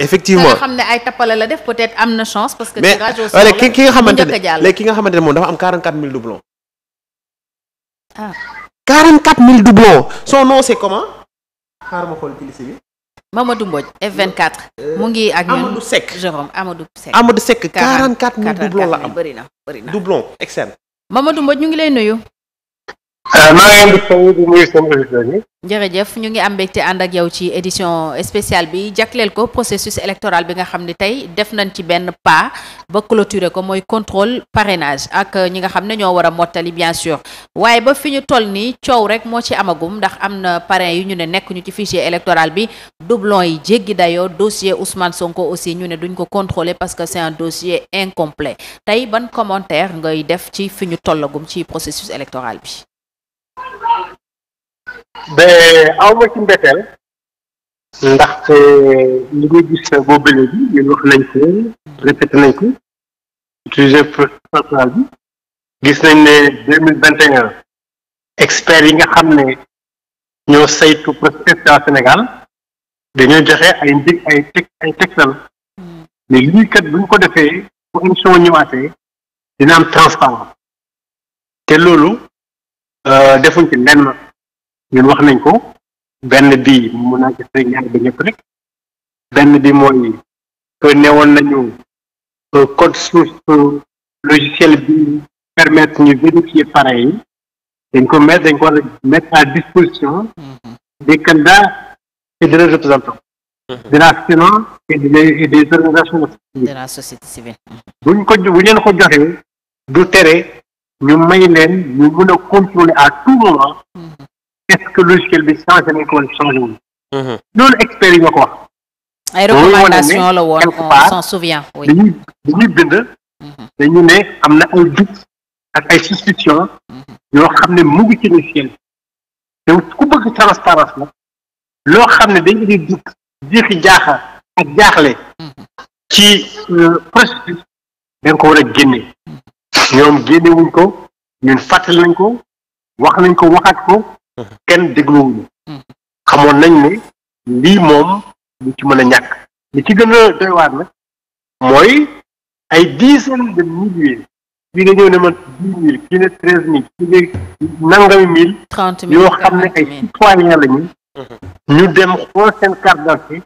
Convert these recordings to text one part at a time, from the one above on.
effectivement nga xam ne ay tappale la def peut-être am na chance. parce que tirage au sort la ki nga xamante ne léegi ki nga xamante ne moom dafa am 44000 doublons. ah 44000 doublons son nom c'est comment. xaaral ma xool ci liste bi. Mamadou Mbodj F24. mu ngi ak ñun Amadou Seck Jérôme Amadou Seck. Amadou Seck 44000 doublons la am bëri na bëri na doublons externe. Mamadou Mbodj ñu ngi lay nuyu. Euh, maa ngi jërëjëf ñu ngi am mbégte ànd ak yow ci édition spéciale bi jagleel ko processus électoral bi nga xam ne tey def nañ ci benn pas ba clôturer ko mooy contrôle parrainage ak ñi nga xam ne ñoo war a mottali bien sûr waaye ba fi ñu toll nii coow rek moo ci amagum ndax am na parrain yu ñu ne nekk ñu ci fichier électoral bi doublon yi jéggi dayoo dossier Ousmane Sonko aussi ñu ne duñ ko contrôler parce que c'est un dossier incomplet tey ban commentaire ngay def ci fi ñu tollagum ci processus électoral bi. ba aw ma ci mbetteel ndaxte li nga gis nañ ko répété nañ ne deux mille vingt yi nga xam ne ñoo saytu prospective à Sénégal dañoo joxe ay ndig ay teg ay tegtal mais lii kat bu ko defee bu émission ñëwaatee dina am transparence te loolu Euh, defuñ ci lenn ñun wax nañ ko benn bi mu naa gis rek ñaar ba ñëpp rek benn bi mooy que newoon nañu code source logiciel bi permettre ñu vérifier pareil yi dañ ko mettre dañ ko war a mettre à disposition mm-hmm. de leurs mm-hmm. de la de la société civile mm-hmm. buñ ko bu ñu ko joxee du tere ñu may leen ñu mën a contrôler à tout moment mm-hmm. est-ce que logiciel bi changé nañ ko mm-hmm. woon changé wuñu loolu experts la on s'en souvient oui dañuy dañuy bind mm-hmm. dañu ne am na ay doute ak ay suspicion yoo xam ne mu ngi ci logiciel bi yow ku transparence la loo xam ne dañu di doute jiixi jaaxa ak jaaxle ci euh, processus da nga ko war ñoom génnewuñ ko ñun fàttali nañ ko wax nañ ko waxaat ko mhm. kenn dégluwuñu mhm. xamoon nañ ne lii moom lu ci mën a ñàkk li ci gën a doy waar nag mooy ay dizaine de milliers nga ñëw ne ma dix mille kii ne treize mille kii ne nangami mille yoo xam ne ay citoyen lañu mhm. ñu dem xool seen carte d'identité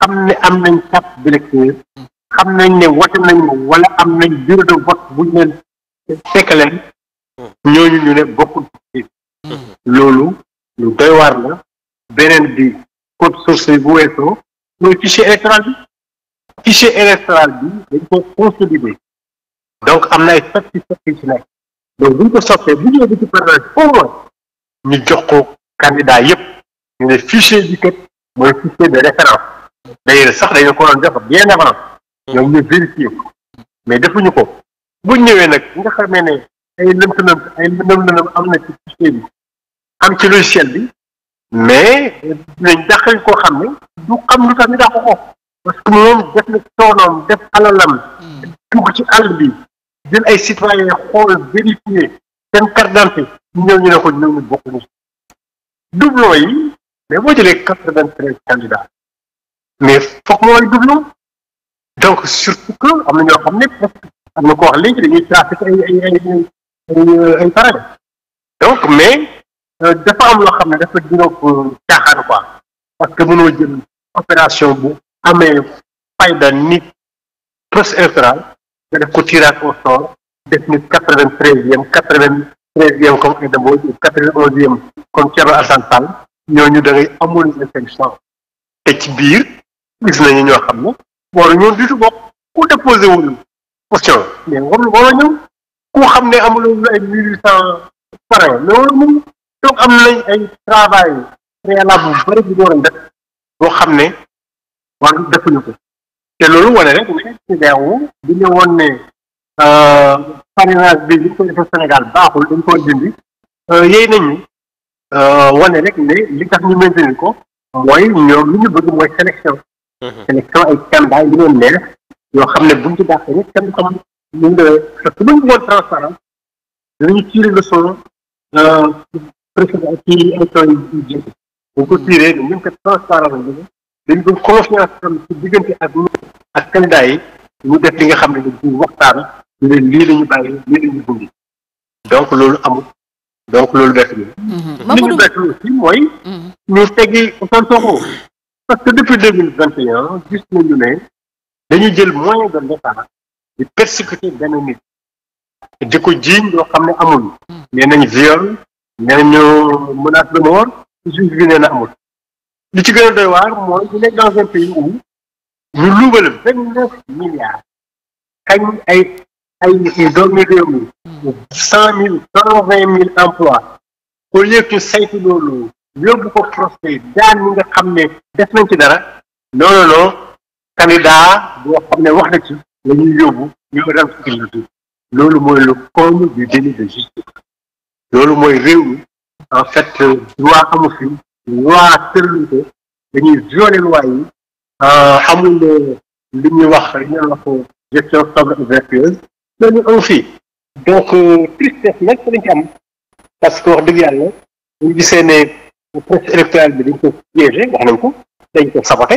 xam ne am nañ carte d'électeur xam nañ ne wote nañ wala am nañ bureau de vote buñ leen fekk leen hmm. ñooñu ñu ne bokkul hmm. loolu lu doy waar la beneen bi code source bu weesoo mooy fichier électoral bi fichier électoral bi dañ ko consolidé donc am na ay soppi soppi ci nekk buñ ko soppee bu ñu jox ko candidat yëpp ñu ne fichier bi kat mooy fichier de référence d'ailleurs sax dañu ko doon jox bien avant ñoom hmm. ñu vérifier mais defuñu ko buñ ñëwee nag nga xamee ne ay lënt lënt ay lëndëm lëndëm am na ci fichier bi am ci logiciel bi mais dinañ dàqal koo xam ne du xam lu tax ñu dàq ko parce que moom def na coonoom def alalam hmm. dugg ci àll bi jël ay citoyen xool vérifier seen carte d'identité ñëw ñu ne ko ñëw ñu bokkuñu doublon yi mais boo jëlee quatre vingt treize candidats mais foog moo ay doublon donc surtout que am na ñoo xam ne presque am na ko wax léegi dañuy trafic ay ay ay ay ay donc mais euh, dafa am loo xam ne dafa juróom caaxaan quoi parce que mënoo jël opération bu amee fayda nit plus électoral nga def ko tirage au sort def nit quatre vingt treizième quatre vingt treizième comme Aïda Mbodj quatre vingt onzième comme Thierno Alassane ñoo ñu da ngay amul te ci biir gis nañu ñoo xam ne waru ñoon diitu bokk ku déposé wul question mais warul ñëw ku xam ne amuloo ay mille huit cent moom donc am nañ ay travail préalable bu bëri bu ñu def boo xam ne wàllu defuñu ko te loolu wane rek ne bi ñu woon ne parrainage bi ñu rek ne li tax ñu maintenir ko mooy ñoom li ñu bëgg mooy sélection sélection ay candidat yi ñu neex yoo xam ne buñ ci dàqee nit kenn xam ñu ngi te su ñu bëggoon transparence dinañu tirer leçon euh, ko tirer dañ leen ko transparence bi dañ ko diggante ak ak yi ñu def li nga xam ne dañ waxtaan ñu ne lii la ñu bàyyi lii la bundi donc loolu amul donc loolu bett bi mm-hmm. li ñu bett aussi mooy mm-hmm. ñu teggi Ousmane Sonko parce que depuis deux mille vingt et un gis ne dañu jël moyen de l'État di persécuter benn nit di ko jiiñ loo xam ne amul nee nañ viol nee nañu menace de mort juge bi nee na amul li ci gën a doy waar mooy ñu nekk dans pays où ñu luubal milliards kañ ay ay doomi réew mi cent mille cent vingt mille emplois au lieu que saytu loolu yóbbu ko procès daan ñi nga xam ne def nañ ci dara non non candidat boo xam ne wax na ci la ñuy yóbbu ñu rencontre loolu mooy le comble du déni de justice loolu mooy réew mi en fait droit amu fi loi tëraluñ ko dañuy violer loi yi euh, amul li ñuy wax li ñuy wax gestion sobre et donc euh, tristesse nag lañ ci am parce que wax dëgg yàlla buñ gisee ne processus électoral bi dañ ko piégé wax nañ ko dañ ko saboté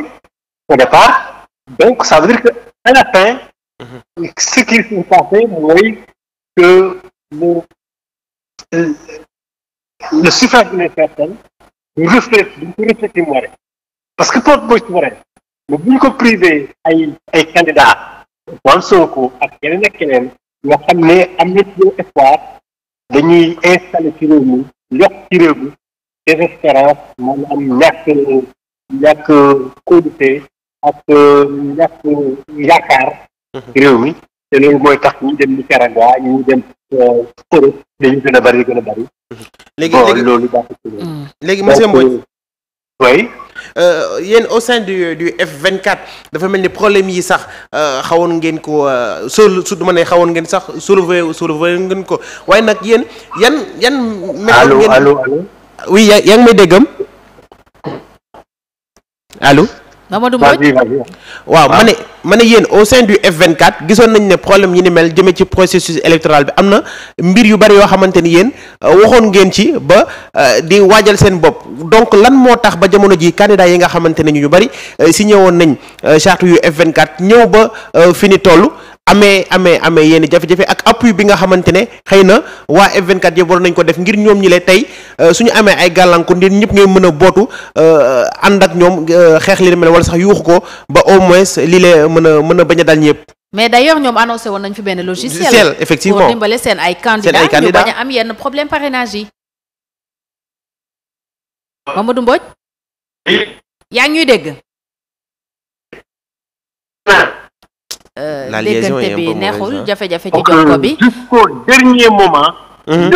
départ Donc, ça veut dire qu'à la fin, mhm. ce qui s'est passé, mooy que le, le, le suffrage universel reflète duñ ko refléter parce que porte booy Mboré mais bu ñu ko privé ay ay candidats Ousmane Sonko ak yeneen ak yeneen yoo xam ne am na ci espoir dañuy installé ci réew mi yokk ci réew mi désespérance maanaam ñàkk ñàkk kóolute ak euh, ñàkk yaakaar mhm. réew mi te loolu mooy tax ñu dem Nicaragua ñu dem Europe dañu gën a bari gën a bari mhm. léegi léegi loolu baaxul ci mm. léegi monsieur Mbodj euh, oui euh, yéen au sein du du F24 dafa mel ni problème yi sax xawoon ngeen ko sol su ma ne xawoon ngeen sax soulever soulever ngeen ko waaye nag yéen yan yan méthode ngeen allo allo allo oui yaa ngi may déggam allo Mamadou waaw ma ah. ne ma ne yéen au sein du F24 gisoon nañ ne problème yi ni mel jëmee ci processus électoral bi am na mbir yu bari yoo xamante ni yéen euh, waxoon ngeen ci ba euh, di waajal seen bopp donc lan moo tax ba jamono ji candidat yi nga xamante ne ñu bari euh, si ñëwoon nañ charte yu F24 ñëw ba fi ni toll amee amee amee yenn jafe-jafe ak appuis bi nga xamante ne xëy na waa F24 yëpp war nañ ko def ngir ñoom ñi lee tey euh, suñu amee ay gàllankoor ngir ñëpp ngay mën a bootu euh, ànd ak ñoom euh, xeex li mel wala sax yuuxu ko ba au moins lii lee mën a mën a bañ a dal ñëpp. mais d'ailleurs ñoom annoncé woon nañ fi benn logiciel effectivement pour dimbale seen ay candidats ñu bañ a am yenn problème parrainage yi. Mamadou Mbodj. yaa ngi dégg. Euh, la liaison déggante bi neexul jafe-jafe ci jox bi. jusqu'au dernier moment. Mhm.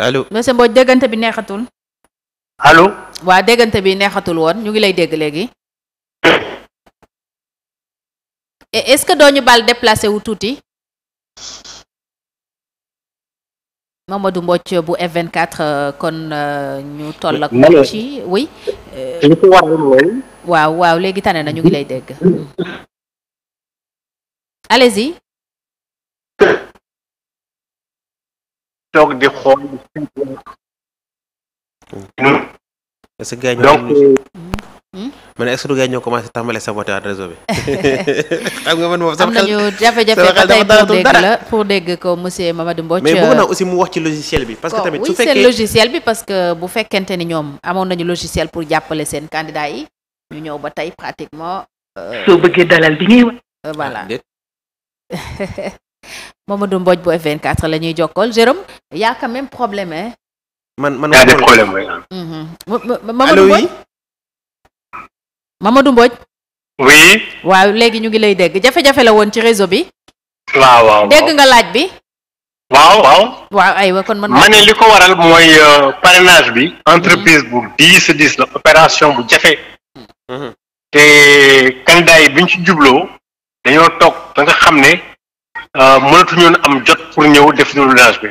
ñoom déggante bi neexatul. allo. waa déggante bi neexatul woon ñu ngi lay dégg léegi. est-ce que doo ñu baal déplacé wu tuuti. Mamadou Mbodj bu f quatre euh, kon euh, ñu toll ak moom ci euh, waaw waaw léegi tane na ñu ngi lay dégg. allez toog di xool. donc. Hmm? ma ne est-ce que du ngay ñoo commencé tàmbale saboté waat réseau xam nga man moom sama xel am la pour dégg ko monsieur Mamadou Mbodj. Euh, aussi mu wax ci logiciel bi. parce que tamit su fekkee seen logiciel bi parce que bu fekkente ni ñoom amoon nañu logiciel pour jàppale seen candidat yi ñu ñëw ba tey pratiquement. Euh, soo bëggee dalal bi ngay wax. Euh, voilà ah, Mamadou Mbodj bu F24 la ñuy jokkool Jérôme y a même problème hein. man man. y a des problèmes oui. Mhm. Mamadou Mbodj. Mamadou Mbodj. oui. waaw léegi ñu ngi lay dégg jafe-jafe la woon ci réseau bi. waaw waaw dégg laaj bi. waaw waaw. waaw aywa man. ma ne li ko waral mooy euh, parenage bi. entreprise bu diis diis la opération bu jafe. Mm-hmm. te candidat yi biñ ci jubloo dañoo toog ba nga xam ne euh, ñoon am jot pour ñëw def dédoublement bi.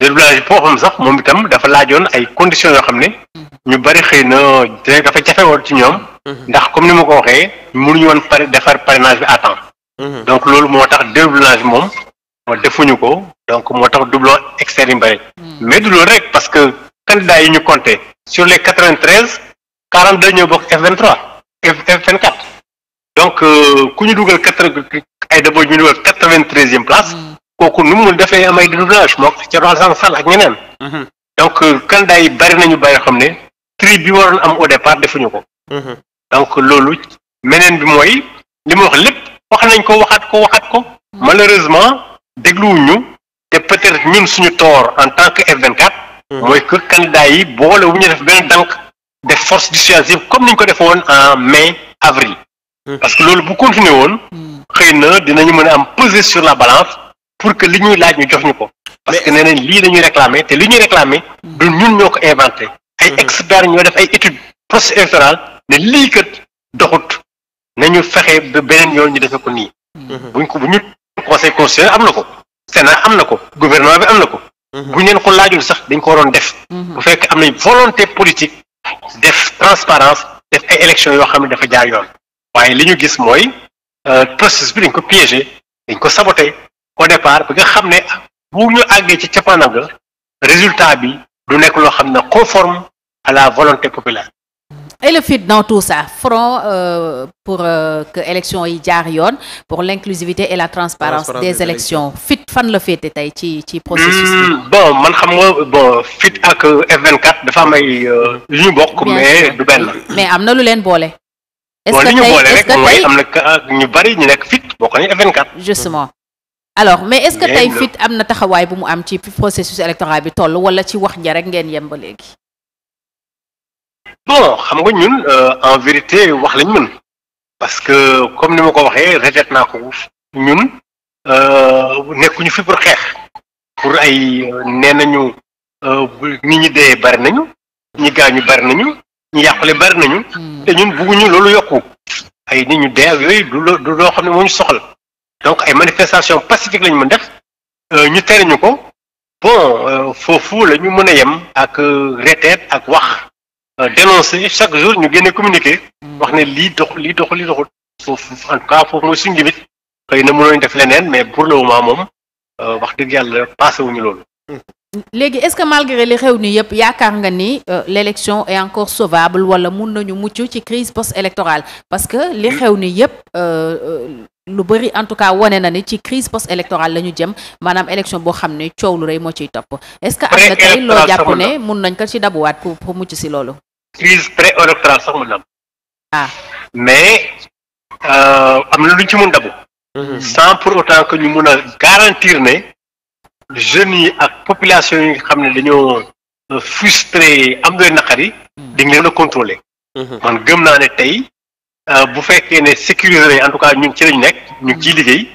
dédoublement bi foo sax moom itam dafa laajoon ay conditions yoo xam ne. Mm-hmm. ñu bari xëy na dafa jafe woon ci ñoom. Mhm. ndax comme ni ma ko waxee mënuñu woon pare defar parrainage bi à temps. Mhm. donc loolu moo tax doublage moom moo defuñu ko donc moo tax doublon externe yi bëri. Mhm. mais du loolu rek parce que candidats yi ñu compté sur les quatre vingt treize quarante deux ñoo bokk F23 F24 donc euh, ku ñu dugal quatre ay dabo ñu dugal quatre vingt treizième place. kooku nu mu dafay am ay doublage moo ci Alassane ak ñeneen. donc euh, candidats bari na nañu bëri xam ne tri bi waroon am au départ defuñu ko. donc loolu meneen bi mooy li ma wax lépp wax nañ ko waxaat ko waxaat ko malheureusement ñu te peut-être ñun suñu tort en tant que F24. Hmm. mooy que candidat yi boole wu ñu def benn dank def force dissuasive comme ni ñu ko defee woon en mai avril. Hmm. parce que loolu bu continuer woon. Hmm. xëy na dinañu mën a am peser sur la balance pour que li ñuy laaj ñu jox ñu ko. parce que nee nañ lii la ñuy réclamer te li ñuy réclamer du ñun ñoo ko inventé. ay experts ñoo def ay études. processus électoral ne lii kat doxut nañu fexe ba beneen yoon ñu defe ko nii. Mhm. buñ ko bu ñu conseil constitutionnel am na ko. Sénat am na ko gouvernement bi am na ko. Mhm. buñ leen ko laajul sax dañ ko waroon def. Mhm. bu fekk am nañ volonté politique def transparence def ay élections yoo xam ne dafa jaar yoon. waaye li ñu gis mooy euh, processus bi dañ ko piégé dañ ko sabote au départ bu nga xam ne bu ñu àggee ci cappaandaw ga résultat bi du nekk loo xam ne conforme à la volonté populaire. et le FIT dans tout ça front euh, pour euh, que élection yi jaar yoon pour l'inclusivité et la transparence des, des élections FIT fan la féete tey ci ci processus bi hmm, bon man xam nga bon FIT ak euh, F24 dafa am ay euh, ñu bokk mais du benn mais am na lu leen boole est-ce que tey li ñu bari ñu nekk FIT bokk nañu F24 justement mais est-ce que tey FIT am na taxawaay bu mu am ci processus électoral bi toll wala ci wax ja rek ngeen yem ba léegi bon xam nga ñun euh, en vérité wax lañ mën parce que comme ni ma ko waxee rejet naa ko ñun euh, nekkuñu fi pour xeex pour ay euh, nee nañu nit ñi dee bari nañu ñi gaa ñu bari nañu ñi yàqule bari nañu hmm. te ñun bugguñu loolu yokku ay nit ñu dee ak yooyu du du loo xam ne moo ñu soxal donc ay manifestation pacifique lañu mën def ñu tere ñu ko bon foofu la ñu mën a yem ak reteet ak wax Euh, dénoncé chaque jour ñu génne communiqué hmm. wax ne lii dox lii dox lii doxul foofu en tout cas foofu mooy suñu limite xëy na mënooñu def leneen mais pour le moment moom euh, wax dëgg yàlla passé wuñu loolu léegi est-ce que malgré li xew ni yëpp yaakaar nga ni euh, l'élection est encore sovable wala mun nañu mucc ci crise post-électorale parce que li xew ni yëpp lu bari en tout cas wane na ni ci crise post-électorale la ñu jëm maanaam élection boo xam ne coow lu rëy moo ciy topp est-ce que loo jàpp ne mun nañ ko ci dabuwaat pour pour mucc si loolu crise pré électorale sax mën naam am. ah mais euh, am na luñ ci mun dabu. Mhm. sans pour autant que ñu mun a garantir ne jeunes yi ak population yi nga xam ne dañoo euh, frustré am doy naqar yi. Mhm. dañ leen a contrôler. Mhm. man gëm naa ne tey euh, bu fekkee ne sécuriser en tout cas ñu ci lañu nekk ñu ngi ciy liggéey.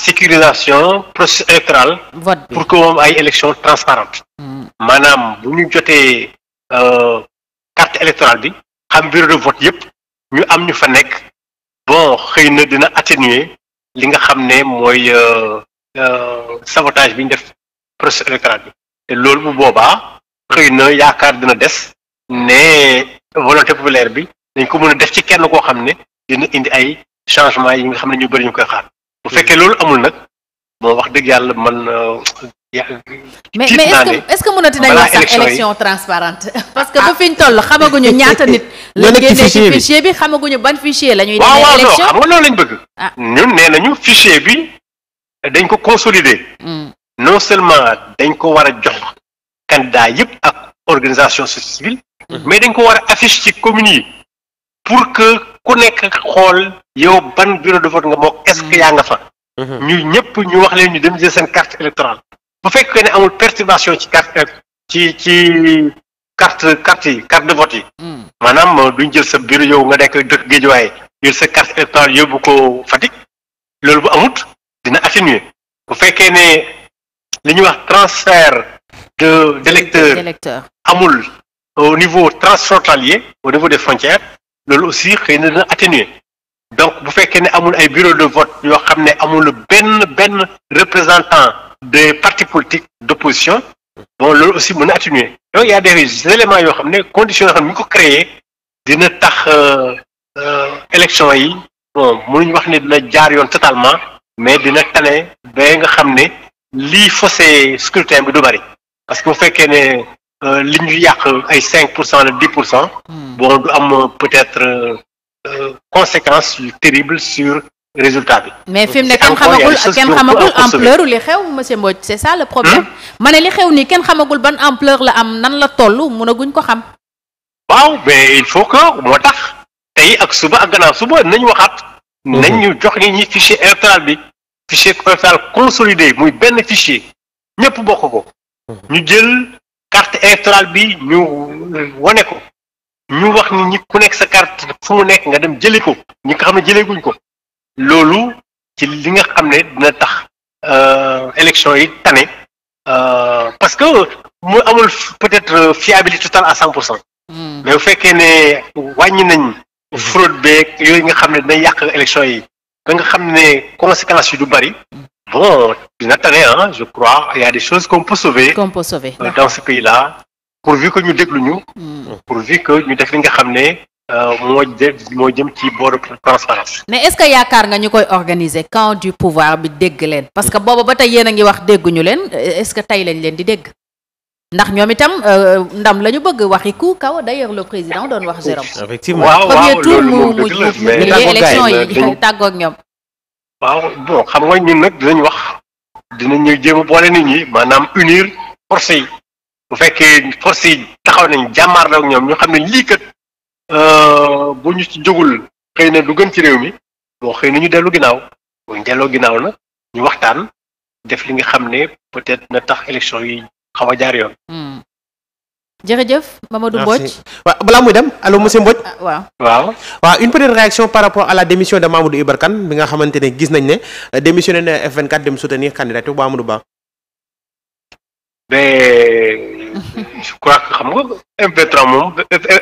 sécurisation processus électoral. pour que moom ay élections transparentes maanaam bu ñu jotee. carte électorale bi xam bureau de vote yëpp ñu am ñu fa nekk bon xëy na dina atténuer li nga xam ne mooy euh, euh, sabotage bi ñu def processus bi te loolu bu boobaa xëy na yaakaar dina des ne volonté populaire bi dañ ko mën a def ci kenn koo xam ne dina indi ay changement yi nga xam ne ñu bëri ñu koy xaar bu fekkee loolu amul nag bon wax dëgg yàlla man euh, ya mais mais est ce que mënati nañu wax sax élection transparente parce que ba ah. fi ñu toll xamaguñu ñaata nit. la génnee ci fichier bi xamaguñu ban fichier la ñuy. demee élection waaw waaw non xam nga loolu lañ bëgg. Ah. ñun nee nañu fichier bi dañ ko consolider. Hmm. non seulement dañ ko war a jox candidat yëpp ak organisation civile. Hmm. mais dañ ko war a affiche ci commune yi. pour que ku nekk xool yow ban bureau de vote nga bokk est ce hmm. yaa nga fa. ñu ñëpp ñu wax leen ñu dem jël seen carte électorale. bu fekkee ne amul perturbation ci carte euh, ci ci carte carte yi carte de vote yi hmm. maanaam euh, duñ jël sa bureau yow nga nekk dëkk Guédiawaye jël sa carte électorale yóbbu ko Fatick loolu bu amut dina atténuer bu fekkee ne li ñuy wax transfert de d'électeurs amul au niveau transfrontalier au niveau des frontières loolu aussi xëy na dina atténuer donc bu fekkee ne amul ay bureau de vote yoo xam ne amul benn benn représentant des partis politiques d'opposition bon loolu aussi mun a atténuer donc y a des éléments yoo xam ne conditions yoo xam ne ñu ko créer dina tax euh, euh, élection yi bon mënuñu wax ni dina jaar yoon totalement mais dina tane ba nga xam ne lii faussé scrutin bi du bari parce que bu fekkee ne euh, li ñu yàq ay cinq pour cent la pour cent hmm. bon du am peut-être Euh, conséquence yu terribles sur résultat bi. mais fi mu ne kenn xamagul kenn xamagul ampleur li xew monsieur Mbodj c'est ça le problème. Hmm? ma ne li xew nii kenn xamagul ban ampleur la am nan la toll mënaguñ ko xam. waaw mais il faut que moo tax tey ak suba ak gannaaw suba nañ waxaat. Hmm. nañ ñu jox nit ñi fichier électoral bi fichier électoral consolidé muy benn fichier ñëpp bokk ko. Hmm. ñu jël carte électorale bi ñu wone ko. ñu wax ni ñi ku nekk sa carte fu mu nekk nga dem jëli ko ñi nga xam ne jëleeguñ ko loolu ci li nga xam ne dina tax euh, élection yi tane euh, parce que mu amul peut-être fiabilité totale à cent pour cent hmm. mais bu fekkee ne wàññi nañ fraude beeg yooyu nga xam ne dina yàq élection yi ba nga xam ne conséquences yi du bari bon dina tane ah je crois il y a des choses qu'on peut sauver qu'on peut sauver dans ce pays là pourvu que ñu dégluñu ñu. Hmm. pourvu que ñu def li nga xam ne euh, moo jë moo jëm ci booru transparence mais est-ce que yaakaar nga ñu koy organiser quand du pouvoir bi dégg leen. parce que booba ba tey yéen a ngi wax dégguñu leen est-ce que tey lañ leen di dégg. ndax ñoom itam euh, ndam lañu ñu bëgg waxi ku kaw d'ailleurs le président doon wax Jérôme. effectivement waaw waaw loolu moom dëgg la mais tàggoog élection yi ñoom. waaw bon xam nga ñun nag dinañ wax dinañ jéem boole nit ñi maanaam unir force yi. bu fekkee force yi taxaw nañ jàmmaarloo ak ñoom ñu xam ne lii kat euh, bu ñu ci jógul xëy na du gën ci réew mi moo xëy na ñu dellu ginnaaw bu ñu delloo ginnaaw na ñu waxtaan def li nga xam ne peut-être na tax élection yi xaw a jaar yoon. Hmm. jërëjëf Mamadou Mbodj. waaw balaa muy dem allo monsieur Mbodj. Ah, waaw waaw. waaw une petite réaction par rapport à la démission de Mamadou Ibarkane bi nga xamante ne gis nañ ne euh, démissionné na F24 dem soutenir candidature bu Amadou Ba. mais je crois que xam nga F23 moom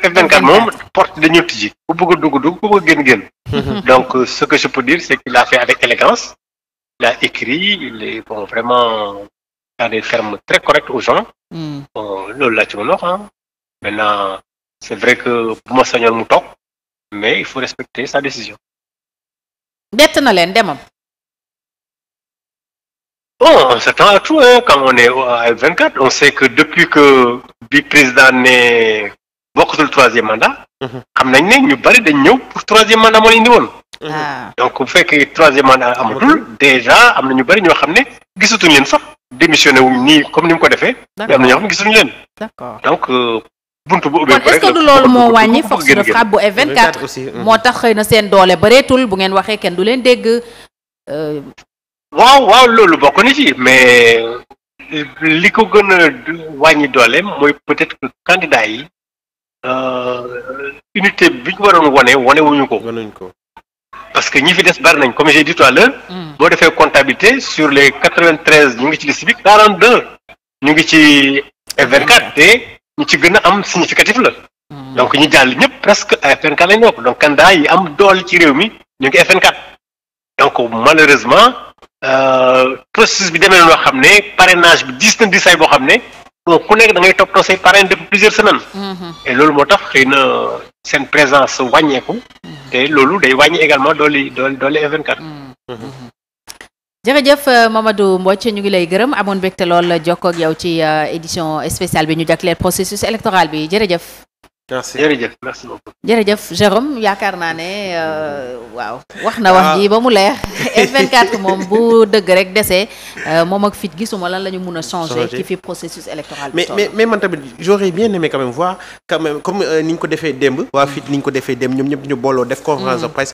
F24 moom porte dañoo tijji ku bëgg a dugg dugg ku bëgg a génn génn. donc euh, ce que je peux dire c'est qu'il a fait avec élégance il a écrit il est bon vraiment dans des termes très corrects aux gens. Hmm. bon loolu laa ci mën a wax c'est vrai que bu ma sañoon mu toog mais il faut respecter sa décision. bett na leen demam. Bon, on s'attend à tout, hein, quand on est à F24. On sait que depuis que bi président ne bokkatul troisième mandat. Mhm. xam nañ ne ñu bari dañ ñëw pour troisième mandat moo leen indi woon. Mhm. Ah. donc bu fekkee troisième mandat amatul déjà am na ñu bari ñoo xam ne gisatuñ leen sax démissionné wuñ nii comme ni mu ko defee. mais am na ñoo xam ne leen. donc euh, bunt bu ubbeeku rek est que du loolu moo wàññi force de frappe bu F24. Mhm. tax xëy na seen doole bareetul bu ngeen waxee kenn du leen dégg. Euh, waaw waaw loolu bokk na ci mais li ko gën a wàññi dooleem mooy peut-être que candidat yi euh, unité bi ñu waroon wane wane wuñu ko. ko parce que ñi fi des bari nañ comme j'ai dit tout hmm. boo defee comptabilité sur les quatre-vingt-treize ñu ngi ci liste bi quarante-deux ñu ngi ci F24 te ñu ci gën a am significatif la. Hmm. donc ñu jàll ñëpp presque F24 lañ donc candidat yi am doole ci réew mi ñu ngi F24 donc malheureusement. Euh, processus bi demee noo xam ne parrainage bi diis na boo xam ne ku nekk da ngay toppatoo say parrain depuis plusieurs semaines. Mhm. loolu moo tax xëy na seen présence wàññeeku. Mhm. te loolu day wàññi également dooli dooli dooli F24. Mhm. jërëjëf euh, Mamadou Mbodj ñu ngi lay gërëm amoon mbégte lool jokkoo ak yow ci euh, édition spéciale bi ñu jagleel processus électoral bi jërëjëf. merci jërëjëf merci beaucoup. jërëjëf Jérôme yaakaar naa ne euh, waaw wax na wax ah. ji ba mu leer F24 moom bu dëgg rek desee euh, moom ak fit gisuma la ñu mun a changer ci fi processus électoral bi mais mais man tamit j'aurais bien aimé quand même voir quand comme euh, ni ñu ko defee démb waa fit ni ñu ko defee démb ñoom ñëpp ñu booloo def conférence mm. de presse